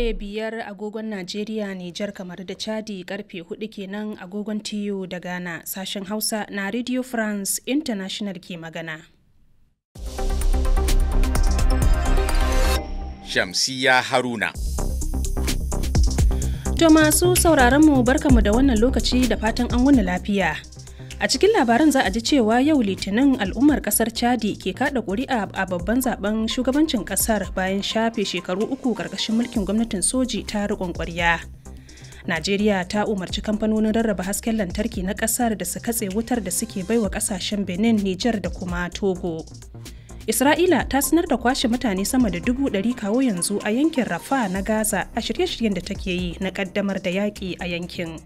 karfe biyar agogon Najeriya, Nijar kamar da Chadi karfe hudu kenan agogon tiyo da Ghana sashen Hausa na Radio France International ke magana. Shamsiya Haruna To masu sauraronmu barkamu da wannan lokaci da fatan an wuni lafiya. A cikin labaran za a ji cewa yau litinin al'ummar kasar Chadi ke kada ƙuri'a a babban zaben shugabancin kasar bayan shafe shekaru uku karkashin mulkin gwamnatin soji ta rikon ƙwarya. Najeriya ta umarci kamfanonin rarraba hasken lantarki na kasar da su katse wutar da suke baiwa kasashen Benin, Nijar da kuma Togo. Isra'ila ta sanar da kwashe mutane sama da dubu ɗari kawo yanzu a yankin Rafa na Gaza a shirye-shiryen da take yi na ƙaddamar da yaƙi a yankin.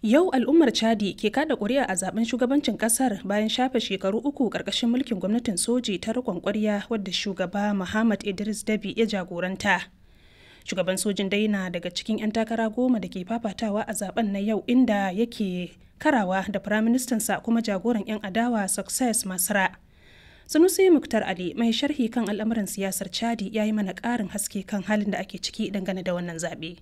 Yau al'ummar Chadi ke kada ƙuri'a a zaben shugabancin ƙasar bayan shafe shekaru uku ƙarƙashin mulkin gwamnatin soji ta riƙon ƙwarya wadda shugaba Muhammad Idris Dabi ya jagoranta. Shugaban sojin dai na daga cikin 'yan takara goma da ke fafatawa a zaben na yau inda yake karawa da firaministansa kuma jagoran 'yan adawa Success Masra. Sanusi Muktar Ali mai sharhi kan al'amuran siyasar Chadi ya yi mana ƙarin haske kan halin da ake ciki dangane da wannan zaɓe.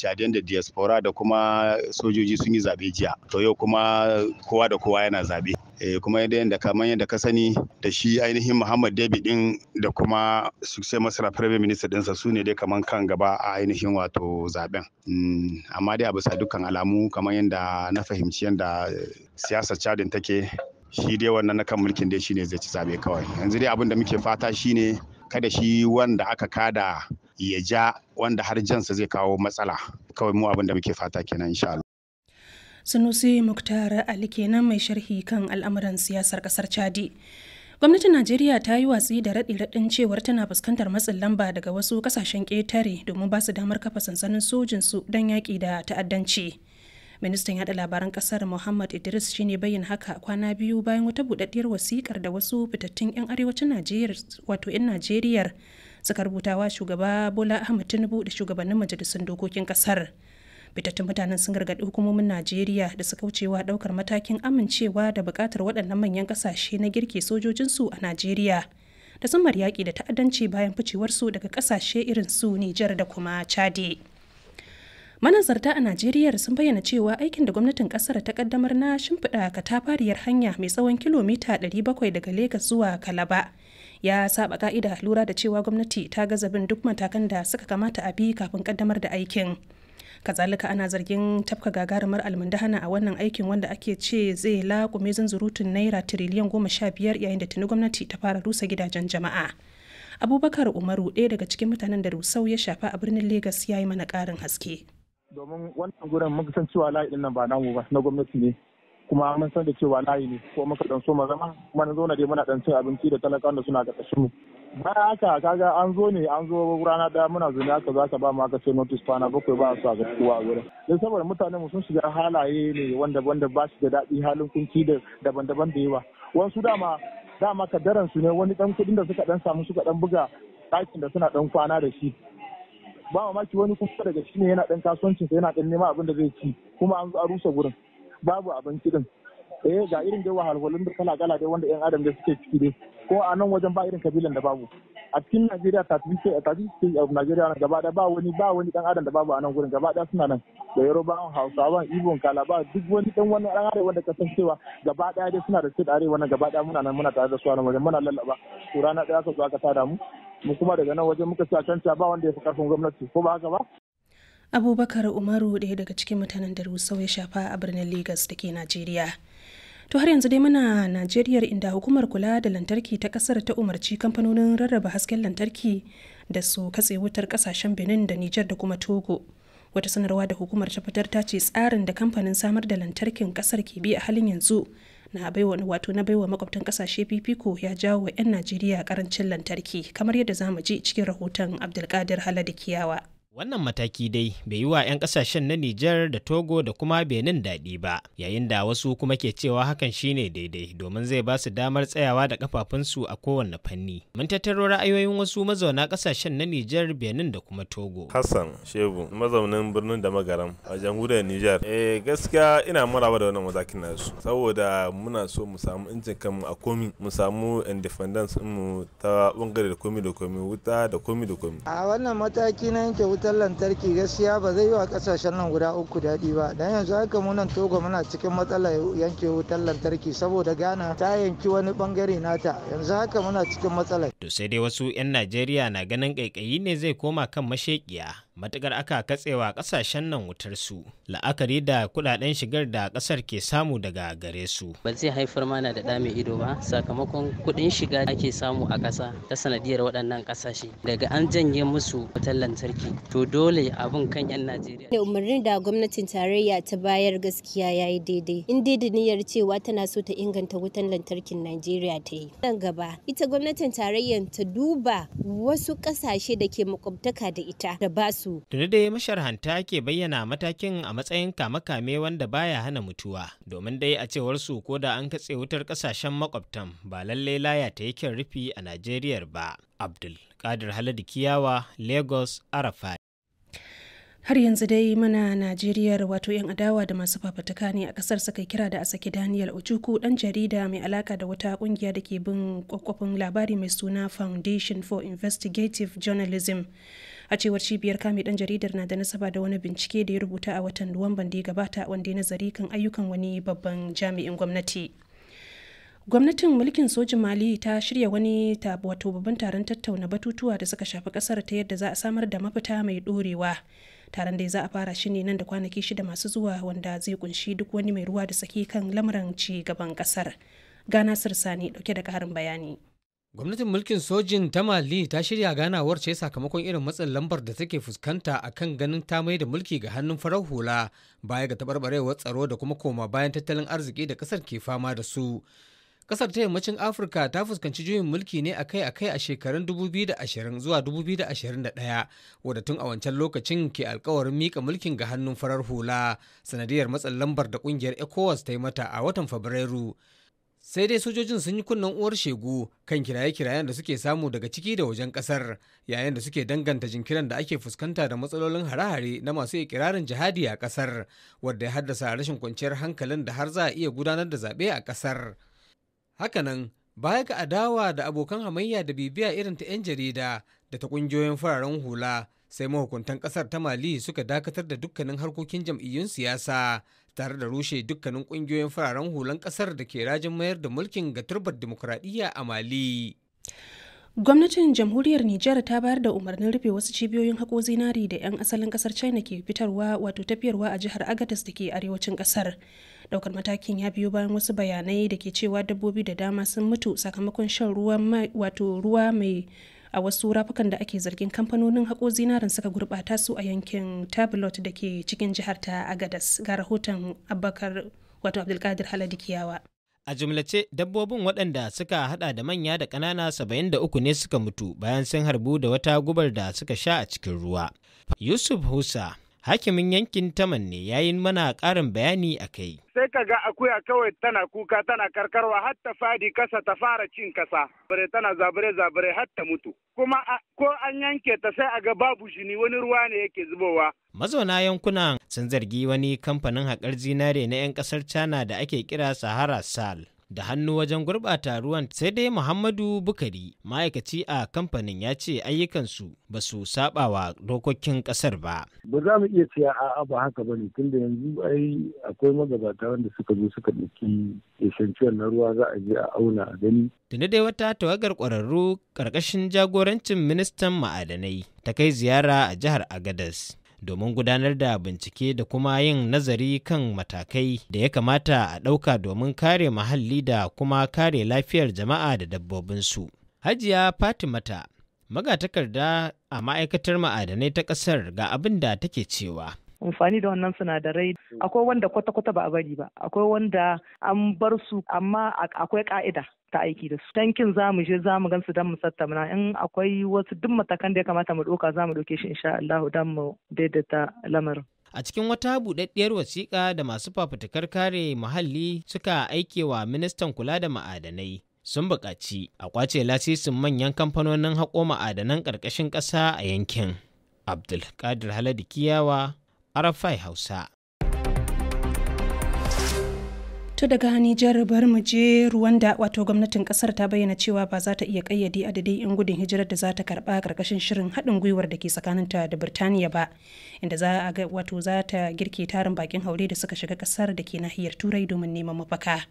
Chadian da diaspora da kuma sojoji sun yi zabe jiya. To yau kuma kowa da kowa yana zabe. Eh, kuma yadda yadda kamar yadda ka sani da shi ainihin Muhammad Dabi din da kuma Sukse Masara Prime Minister dinsa su ne dai kamar kan gaba a ainihin wato zaben. Hmm, amma dai a bisa dukkan alamu kaman yadda na fahimci yadda siyasar Chadin take shi dai wannan na kan mulkin dai shine zai ci zabe kawai. Yanzu dai abin da muke fata shine kada shi wanda aka kada ya ja wanda har jansa zai kawo matsala kawai mu abin da muke fata kenan insha Allah Sanusi Muktar Ali kenan mai sharhi kan al'amuran siyasar kasar Chadi Gwamnatin Najeriya ta yi watsi da raɗi-raɗin cewar tana fuskantar matsin lamba daga wasu ƙasashen ƙetare domin ba su damar kafa sansanin sojinsu don yaƙi da ta'addanci. ministan yada labaran kasar muhammad idris shine bayyana haka kwana biyu bayan wata budaddiyar wasikar da wasu fitattun 'yan arewacin najeriya wato 'yan najeriyar suka rubutawa shugaba bola ahmad tinubu da shugabannin majalisun dokokin kasar fitattun mutanen sun gargaɗi hukumomin najeriya da suka wucewa ɗaukar matakin amincewa da buƙatar waɗannan manyan ƙasashe na girke sojojinsu a najeriya da sun yaƙi da ta'addanci bayan ficewarsu daga ƙasashe irin su nijar da kuma chade. manazarta a najeriya sun bayyana cewa aikin da gwamnatin kasar ta kaddamar na shimfiɗa katafariyar hanya mai tsawon kilomita 700 daga lagos zuwa kalaba ya saba ka'ida lura da cewa gwamnati ta gaza bin duk matakan da suka kamata a bi kafin kaddamar da aikin kazalika ana zargin tafka gagarumar almundahana a wannan aikin wanda ake ce zai laƙume zunzurutun naira tiriliyan goma sha biyar yayin da tuni gwamnati ta fara rusa gidajen jama'a abubakar umaru ɗaya daga cikin mutanen da rusau ya shafa a birnin legas ya yi mana ƙarin haske domin wannan gurin mun san cewa layi din nan ba namu ba na gwamnati ne kuma mun san da cewa layi ne ko muka dan so mu zama zo na dai muna dan cin abinci da talaka da suna ƙarƙashin mu bayan haka kaga an zo ne an zo rana da muna zuni aka za ka ba mu aka ce notice kwana bakwai ba su ga kowa a gurin saboda mutane mu sun shiga halaye ne wanda wanda ba shi da dadi halin kunci da daban-daban da yawa wasu dama dama kadaran su ne wani dan kudin da suka dan samu suka dan buga ɗakin da suna dan kwana da shi ba mamaki wani kuma daga shi ne yana dan kasuwancin sa yana dan neman abin da zai ci kuma an zo a rusa gurin babu abinci din eh ga irin dai wahalhalun da kala kala dai wanda yan adam da suke ciki dai ko a nan wajen ba irin kabilan da babu a cikin Najeriya ta tafi a tafi sai a Najeriya na gaba da ba wani ba wani dan adam da babu a nan gurin gaba da suna nan da Hausa Hausawan Ibo Kalaba duk wani dan wani dan arewa da kasancewa gaba da dai suna da state arewa nan gaba da muna nan muna tare da su a nan wajen muna lallaba to rana daya ka zo aka tada mu mu kuma daga nan waje muka canca ba wanda ya fi karfin gwamnati ko ba haka ba abubakar umaru ɗaya daga cikin mutanen da rusau ya shafa a birnin legas da ke najeriya to har yanzu dai muna najeriya inda hukumar kula da lantarki ta ƙasar ta umarci kamfanonin rarraba hasken lantarki da su katse wutar ƙasashen benin da nijar da kuma togo wata sanarwa da hukumar ta fitar ta ce tsarin da kamfanin samar da lantarkin ƙasar ke bi a halin yanzu na baiwa wato na baiwa makwabtan kasashe fifiko ya jawo wa 'yan najeriya karancin lantarki kamar yadda zamu mu ji cikin rahoton abdulkadir kiyawa. Wannan mataki dai bai yi wa 'yan kasashen na Nijar da Togo da kuma Benin daɗi ba, yayin da wasu kuma ke cewa hakan shine daidai domin zai ba su damar tsayawa da kafafunsu a kowane fanni. Mun tattaro ra'ayoyin wasu mazauna kasashen na Nijar, Benin da kuma Togo. Hassan Shebu, mazaunin birnin da magaram a jamhuriyar Nijar. Eh gaskiya ina maraba da wannan matakin nasu saboda muna so mu samu injin kanmu a komi, mu samu independence mu ta bangare da komi da komi, wuta da komi da komi. A wannan mataki na yanke wutar lantarki gaskiya ba zai yi wa kasashen nan guda uku daɗi ba dan yanzu haka munan togo muna cikin matsalar yanke wutar lantarki saboda ghana ta yanki wani bangare nata yanzu haka muna cikin matsala. to sai dai wasu 'yan najeriya na ganin ƙaiƙayi ne zai koma kan mashekiya matukar aka katsewa ƙasashen nan wutar su la'akari da kuɗaɗen shigar da ƙasar ke samu daga gare su ba zai haifar mana da dami ido ba sakamakon kuɗin shiga da ake samu a ƙasa ta sanadiyar waɗannan kasashe daga an janye musu wutar lantarki to dole abun kan yan najeriya Ne umarnin da gwamnatin tarayya ta bayar gaskiya ya yi daidai in dai da niyyar cewa tana so ta inganta wutar lantarkin najeriya ta yi nan gaba ita gwamnatin tarayyar ta duba wasu kasashe da ke makwabtaka da ita da ba su su. Tuni dai masharhanta ke bayyana matakin a matsayin kame-kame wanda baya hana mutuwa. Domin dai a cewar su ko da an katse wutar kasashen makwabtan ba lallai laya ta yi kyan rufi a Najeriya ba. Abdul Kadir Haladu Kiyawa, Lagos, Arafat. har yanzu dai mana najeriya wato 'yan adawa da masu fafatuka ne a kasar suka kira da a saki daniel ojuku dan jarida mai alaka da wata kungiya da ke bin kwakwafin labari mai suna foundation for investigative journalism a cewar cibiyar kame dan jaridar na da nasaba da wani bincike da ya rubuta a watan nuwamban da ya gabata wanda ya nazari kan ayyukan wani babban jami'in gwamnati gwamnatin mulkin sojin mali ta shirya wani wato babban taron tattauna batutuwa da suka shafi kasar ta yadda za a samar da mafita mai dorewa taron da za a fara shi ne nan da kwanaki shida masu zuwa wanda zai kunshi duk wani mai ruwa da saki kan lamuran ci gaban kasar ga nasir sani dauke da karin bayani Gwamnatin mulkin sojin ta Mali ta shirya ganawar ce sakamakon irin matsin lambar da take fuskanta a kan ganin ta mai da mulki ga hannun farar hula baya ga taɓarɓarewar tsaro da kuma koma bayan tattalin arziki da ƙasar ke fama da su. Ƙasar ta yammacin Afirka ta fuskanci juyin mulki ne akai-akai a shekarun 2020 zuwa 2021 wadda tun a wancan lokacin ke alkawarin mika mulkin ga hannun farar hula sanadiyar matsin lambar da ƙungiyar ECOWAS ta yi mata a watan Fabrairu. sai dai sojojin sun yi kunnen uwar shegu kan kiraye-kirayen da suke samu daga ciki da wajen kasar yayin da suke danganta jinkiran da ake fuskanta da matsalolin hare-hare na masu ikirarin jihadi a kasar wadda ya haddasa rashin kwanciyar hankalin da har za a iya gudanar da zaɓe a kasar hakanan baya ga adawa da abokan hamayya da bibiya irin ta 'yan jarida da ta ƙungiyoyin fararen hula sai mahukuntan kasar ta mali suka dakatar da dukkanin harkokin jam'iyyun siyasa tare da rushe dukkanin kungiyoyin fararen hulan kasar da ke rajin mayar da mulkin ga turbar dimokuraɗiyya a mali gwamnatin jamhuriyar nijar ta bayar da umarnin rufe wasu cibiyoyin hako zinari da 'yan asalin kasar china ke fitarwa wato tafiyarwa a jihar agadas da ke arewacin kasar daukar matakin ya biyo bayan wasu bayanai da ke cewa dabbobi da dama sun mutu sakamakon shan ruwa mai a wasu rafukan da ake zargin kamfanonin haƙo zinarin suka gurɓata su a yankin tablet da ke cikin jihar ta agadas ga rahoton abubakar wato abdulkadir kiyawa. a jumlace dabbobin waɗanda suka hada da manya da ƙanana 73 ne suka mutu bayan sun harbu da wata gubar da suka sha a cikin ruwa yusuf husa hakimin yankin taman ne yayin mana ƙarin bayani a kai. Sai ka ga akuya kawai tana kuka tana karkarwa har ta fadi kasa ta fara cin kasa. Bare tana zabare zabare har mutu. Kuma ko an yanke ta sai a ga babu shini wani ruwa ne yake zubowa. Mazauna yankunan sun zargi wani kamfanin haƙar zinare na 'yan ƙasar China da ake kira Sahara Sal da hannu wajen gurɓata ruwan sai dai muhammadu bukari ma'aikaci a kamfanin ya ce ayyukansu ba su saba wa dokokin ƙasar ba ba za mu iya cewa a ba haka ba ne tunda yanzu ai akwai magabata wanda suka zo suka ɗauki ishanciyar na ruwa za a je a auna a gani tuni dai wata tawagar ƙwararru ƙarƙashin jagorancin ministan ma'adanai ta kai ziyara a jihar agadas domin gudanar da bincike da kuma yin nazari kan matakai da ya kamata a ɗauka domin kare muhalli da kuma kare lafiyar jama'a da dabbobinsu. Hajiya Fatimata magatakarda a ma'aikatar ma'adanai ta ƙasar ga abin da take cewa. amfani da wannan sinadarai mm. akwai wanda kwata-kwata ba a bari ba akwai wanda an bar su amma akwai ka'ida ta aiki da su tankin za mu je za mu gan don mu tattauna in akwai wasu duk matakan da ya kamata mu ɗauka za mu ɗauke shi insha Allah Dan mu daidaita lamarin. A cikin wata buɗaɗɗiyar wasiƙa da masu fafutukar kare muhalli suka aike wa ministan kula da ma'adanai sun buƙaci a kwace lasisin manyan kamfanonin haƙo ma'adanan ƙarƙashin ƙasa a yankin. Abdulkadir Haladu Kiyawa arafai hausa To daga Nijar bar mu je rwanda wato gwamnatin kasar ta bayyana cewa ba za ta iya kayyade adadin 'yan gudun hijirar da za ta karba karkashin shirin haɗin gwiwar da ke tsakaninta da Birtaniya ba inda za a ga wato za ta girke tarin bakin haure da suka shiga kasar da ke nahiyar Turai domin neman mafaka.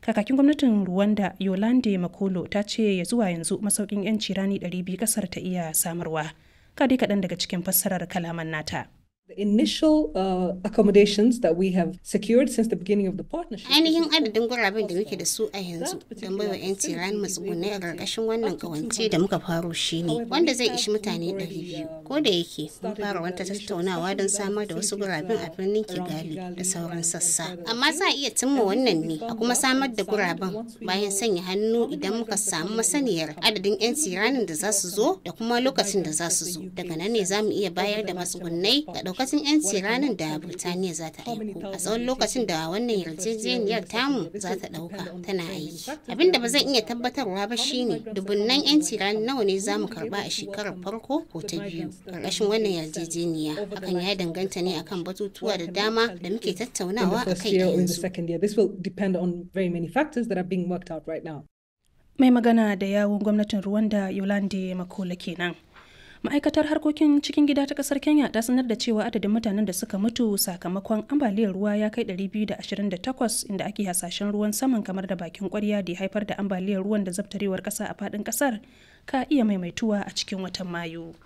Kakakin gwamnatin rwanda Yolande Makolo ta ce ya zuwa yanzu masaukin 'yanci rani 200 kasar ta iya samarwa. Ka dai kaɗan daga cikin fassarar kalaman nata. initial uh, accommodations that we have secured since the beginning of the partnership. Ainihin adadin guraben da muke da su a yanzu don baiwa 'yan tsiran matsugunai a ƙarƙashin wannan kawance da muka faro shi ne wanda zai ishi mutane 200 um, ko da yake mun fara wata tattaunawa don samar da wasu guraben a uh, birnin Kigali da sauran sassa. Amma za a iya cimma wannan ne a kuma samar da guraben bayan sanya hannu idan muka samu masaniyar adadin 'yan tsiranin da za uh, su zo da kuma lokacin da za su zo. Daga nan ne za mu iya bayar da matsugunnai ga lokacin 'yanci ranar da Birtaniya za ta aiko a tsawon lokacin da wannan yarjejeniyar tamu za ta ɗauka tana aiki. Abin da ba zan iya tabbatarwa ba shine dubunnan 'yanci ranar nawa ne za mu karba a shekarar farko ko ta biyu. Ƙarƙashin wannan yarjejeniya akan ya danganta ne akan batutuwa da dama da muke tattaunawa a kai yanzu. Mai magana da yawun gwamnatin Rwanda Yolande Makola kenan. ma'aikatar harkokin cikin gida ta kasar kenya ta sanar da cewa adadin mutanen da suka mutu sakamakon ambaliyar ruwa ya kai 228 inda ake hasashen ruwan saman kamar da bakin kwarya da haifar da ambaliyar ruwan da zabtarewar kasa a fadin kasar ka iya maimaituwa a cikin watan mayu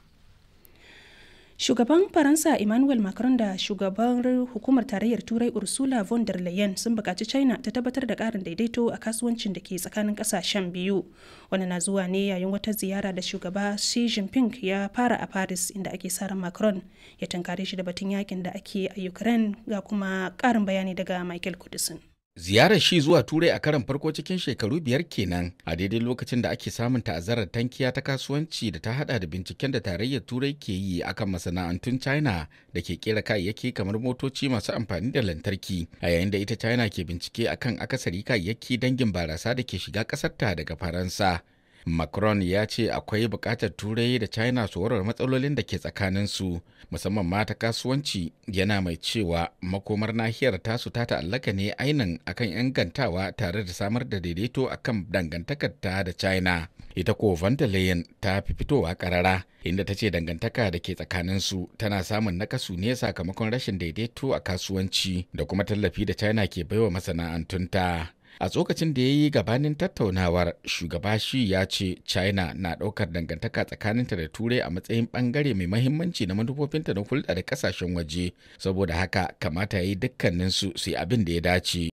Shugaban Faransa Emmanuel Macron da shugaban hukumar tarayyar Turai Ursula von der Leyen sun bukaci China ta tabbatar da ƙarin daidaito a kasuwancin da ke tsakanin ƙasashen biyu. Wani na zuwa ne yayin wata ziyara da shugaba Xi Jinping ya fara a Paris inda ake sa Macron ya tunkare shi da batun yakin da ake a Ukraine ga kuma ƙarin bayani daga Michael Kudisin. Ziyarar shi zuwa Turai a karan farko cikin shekaru biyar kenan a daidai lokacin da ake samun ta'azzarar tankiya ta kasuwanci da ta hada da binciken da tarayyar Turai ke yi akan masana'antun China da ke kera kayayyaki kamar motoci masu amfani da lantarki a yayin da ita China ke bincike akan akasari kayayyaki dangin barasa da ke shiga ƙasarta daga Faransa. macron ya ce akwai buƙatar turai da china su warware matsalolin da ke tsakaninsu musamman ma ta kasuwanci yana mai cewa makomar nahiyar tasu ta ta'allaka ne ainin akan ingantawa tare da samar da daidaito akan dangantakar ta da china ita ko van der leyen ta fi fitowa karara inda ta ce dangantaka da ke tsakaninsu tana samun nakasu ne sakamakon rashin daidaito a kasuwanci da kuma tallafi da china ke baiwa masana'antunta a tsokacin da ya yi gabanin tattaunawar shugaba shi ya ce china na ɗaukar dangantaka tsakaninta da turai a matsayin bangare mai mahimmanci na manufofinta na hulɗa da ƙasashen waje saboda haka kamata ya yi dukkaninsu su yi abin da ya dace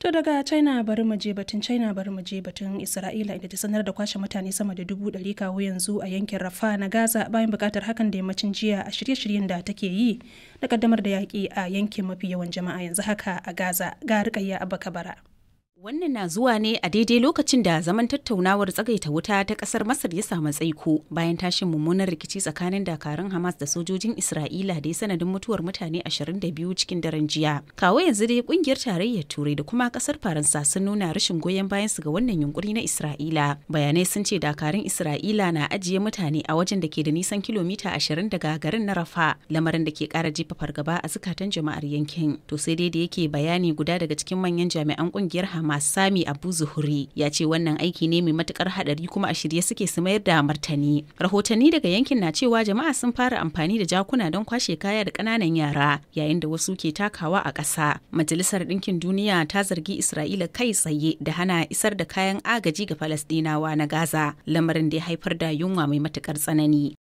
To daga China bari mu je batun China bari mu je batun Isra'ila inda ta sanar da kwashe mutane sama da dubu ɗari kawo yanzu a yankin Rafa na Gaza bayan bukatar hakan da yammacin jiya a shirye-shiryen da take yi na kaddamar da yaƙi a yankin mafi yawan jama'a yanzu haka a Gaza ga rikayya abakabara. bara. Wannan na zuwa ne a daidai lokacin da zaman tattaunawar tsagaita wuta ta kasar Masar ya samu tsaiko bayan tashin mummunan rikici tsakanin dakarun Hamas da sojojin Isra'ila da ya sanadin mutuwar mutane 22 cikin daren jiya. Kawo yanzu dai kungiyar tarayyar Turai da kuma kasar Faransa sun nuna rashin goyon bayan su ga wannan yunkuri na Isra'ila. Bayanai sun ce dakarun Isra'ila na ajiye mutane a wajen da ke da nisan kilomita 20 daga garin na Rafa, lamarin da ke kara jefa fargaba a zukatan jama'ar yankin. To sai dai da yake bayani guda daga cikin manyan jami'an kungiyar Hamas Masami Abu Zuhuri ya ce wannan aiki ne mai matukar hadari kuma a shirye suke su mayar da martani. Rahotanni daga yankin na cewa jama'a sun fara amfani da jakuna don kwashe kaya da kananan yara yayin da wasu ke takawa a ƙasa. Majalisar Ɗinkin Duniya ta zargi Isra'ila kai tsaye da hana isar da kayan agaji ga Falasɗinawa na Gaza, lamarin da ya haifar da yunwa mai matukar tsanani.